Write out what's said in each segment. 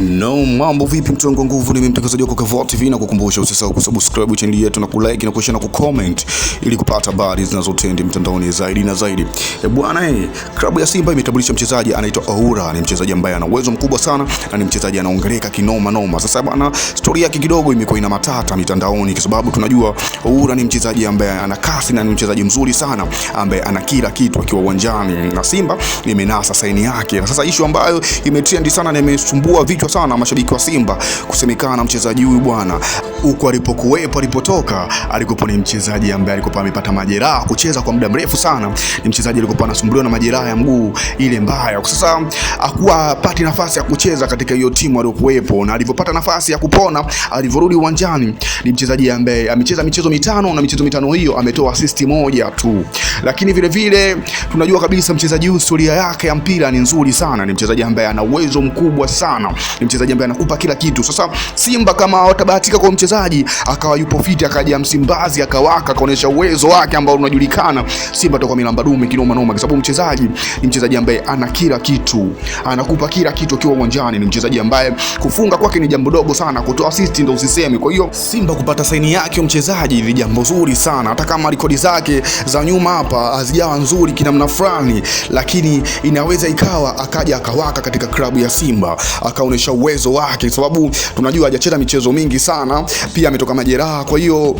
No mambo vipi, mtu wangu nguvu, ni mimi mtangazaji wako Kevoo TV na kukumbusha usisahau kusubscribe channel yetu na kulike na kushare na kucomment ili kupata habari zinazotendi mtandaoni zaidi na zaidi. E bwana, eh, klabu ya Simba imetambulisha mchezaji anaitwa Oura. Ni mchezaji ambaye ana uwezo mkubwa sana na ni mchezaji anaongeleka kinoma noma. Sasa bwana, story yake kidogo imekuwa ina matata mitandaoni kwa sababu tunajua Oura ni mchezaji ambaye ana kasi na ni mchezaji mzuri sana ambaye ana kila kitu akiwa uwanjani na Simba imenasa saini yake. Na sasa issue ambayo imetrend sana na imesumbua vichwa kichwa sana mashabiki wa Simba kusemekana mchezaji huyu bwana, huko alipokuwepo alipotoka, alikuwa ni mchezaji ambaye alikuwa amepata majeraha kucheza kwa muda mrefu sana. Ni mchezaji alikuwa anasumbuliwa na majeraha ya mguu ile mbaya. Sasa akuwa apati nafasi ya kucheza katika hiyo timu aliyokuwepo, na alivyopata nafasi ya kupona, alivyorudi uwanjani, ni mchezaji ambaye amecheza michezo mitano na michezo mitano hiyo ametoa assist moja tu. Lakini vile vile tunajua kabisa mchezaji huyu historia yake ya mpira ni nzuri sana, ni mchezaji ambaye ana uwezo mkubwa sana, ni mchezaji ambaye anakupa kila kitu. Sasa Simba kama watabahatika kwa mchezaji akawa yupo fiti, akaja Msimbazi akawaka, akaonyesha uwezo wake ambao unajulikana, Simba toka milamba dume kinoma noma, kwa sababu mchezaji ni mchezaji ambaye ana kila kitu, anakupa kila kitu akiwa uwanjani. Ni mchezaji ambaye kufunga kwake ni jambo dogo sana, kutoa assist ndio usisemi. Kwa hiyo Simba kupata saini yake mchezaji ni jambo zuri sana, hata kama rekodi zake za nyuma hapa hazijawa nzuri kinamna fulani, lakini inaweza ikawa akaja akawaka katika klabu ya Simba akaonyesha uwezo wake, sababu tunajua hajacheza michezo mingi sana, pia ametoka majeraha. Kwa hiyo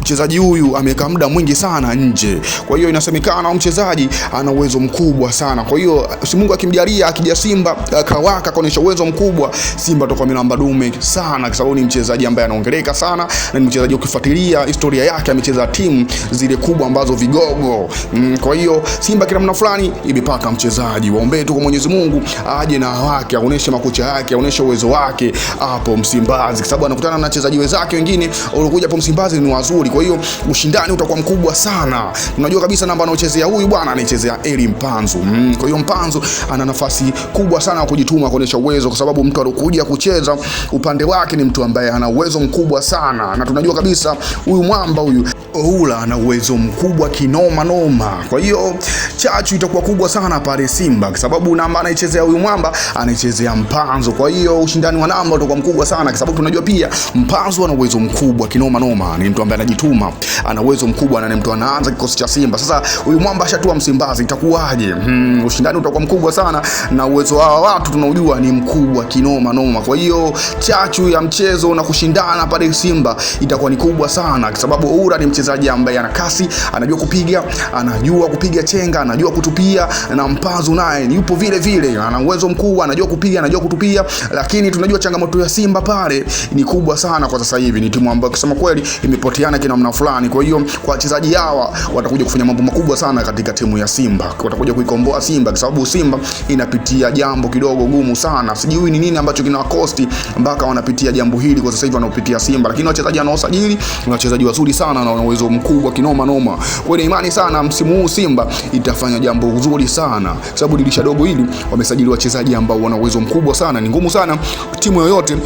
mchezaji huyu amekaa muda mwingi sana nje, kwa hiyo inasemekana mchezaji ana uwezo mkubwa sana. Kwa hiyo si Mungu akimjalia, akija Simba akawaka akaonyesha uwezo mkubwa, Simba atakuwa milamba dume sana, kwa sababu ni mchezaji ambaye anaongeleka sana na ni mchezaji ukifuatilia historia yake amecheza timu zile kubwa ambazo vigogo Mm, kwa hiyo Simba kila mna fulani imepata mchezaji. Waombee tu kwa Mwenyezi Mungu aje na wake, aoneshe makucha yake, aoneshe uwezo wake hapo Msimbazi, kwa sababu anakutana na wachezaji wenzake wengine waliokuja hapo Msimbazi ni wazuri. Kwa hiyo ushindani utakuwa mkubwa sana. Unajua kabisa namba anaochezea huyu bwana anaichezea Eli Mpanzu. Mm, kwa hiyo Mpanzu ana nafasi kubwa sana ya kujituma, kuonesha uwezo, kwa sababu mtu alokuja kucheza upande wake ni mtu ambaye ana uwezo mkubwa sana, na tunajua kabisa huyu mwamba huyu Oula ana uwezo mkubwa kinoma noma. Kwa hiyo chachu itakuwa kubwa sana pale Simba kwa sababu namba anaichezea huyu mwamba anaichezea Mpanzo. Kwa hiyo ushindani wa namba utakuwa mkubwa sana kwa sababu tunajua pia Mpanzo ana uwezo mkubwa kinoma noma. Ni mtu ambaye anajituma, ana uwezo mkubwa na ni mtu anaanza kikosi cha Simba. Sasa huyu mwamba ashatua Msimbazi itakuwaje? Hmm, ushindani utakuwa mkubwa sana na uwezo wa watu tunaojua ni mkubwa kinoma noma. Kwa hiyo chachu ya mchezo na kushindana pale Simba itakuwa ni kubwa sana kwa sababu Oula ni mchezaji ambaye ana kasi, anajua kupiga, anajua kupiga chenga, anajua kutupia na Mpazu naye yupo vile vile, ana uwezo mkubwa, anajua kupiga, anajua kutupia, lakini tunajua changamoto ya Simba pale ni kubwa sana kwa sasa hivi. Ni timu ambayo kusema kweli imepoteana kwa namna fulani. Kwa hiyo kwa wachezaji hawa watakuja kufanya mambo makubwa sana katika timu ya Simba, watakuja kuikomboa Simba kwa sababu Simba inapitia jambo kidogo gumu sana. Sijui ni nini ambacho kinawakosti mpaka wanapitia jambo hili kwa sasa hivi wanaopitia Simba, lakini wachezaji wanaosajili ni wachezaji wazuri sana na uwezo mkubwa kinoma noma. Kwa hiyo imani sana msimu huu Simba itafanya jambo zuri sana, sababu dirisha dogo hili wamesajili wachezaji ambao wana uwezo mkubwa sana. Ni ngumu sana timu yoyote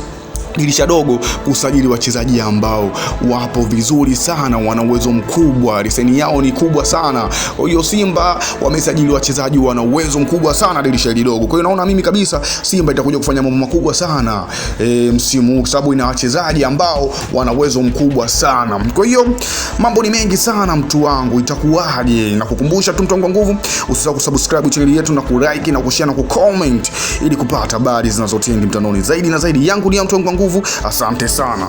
dirisha dogo kusajili wachezaji ambao wapo vizuri sana, wana uwezo mkubwa, leseni yao ni kubwa sana. Kwa hiyo Simba wamesajili wachezaji wana uwezo mkubwa sana dirisha hili dogo. Kwa hiyo naona mimi kabisa Simba itakuja kufanya mambo makubwa sana e, msimu huu kwa sababu ina wachezaji ambao wana uwezo mkubwa sana. Kwa hiyo mambo ni mengi sana, mtu wangu, itakuwaje? Na kukumbusha tu mtongo nguvu, usisahau kusubscribe channel yetu na kulike na kushare na kucomment ili kupata habari zinazotendi mtanoni zaidi na zaidi. Yangu ni ya mtongo nguvu nguvu. Asante sana.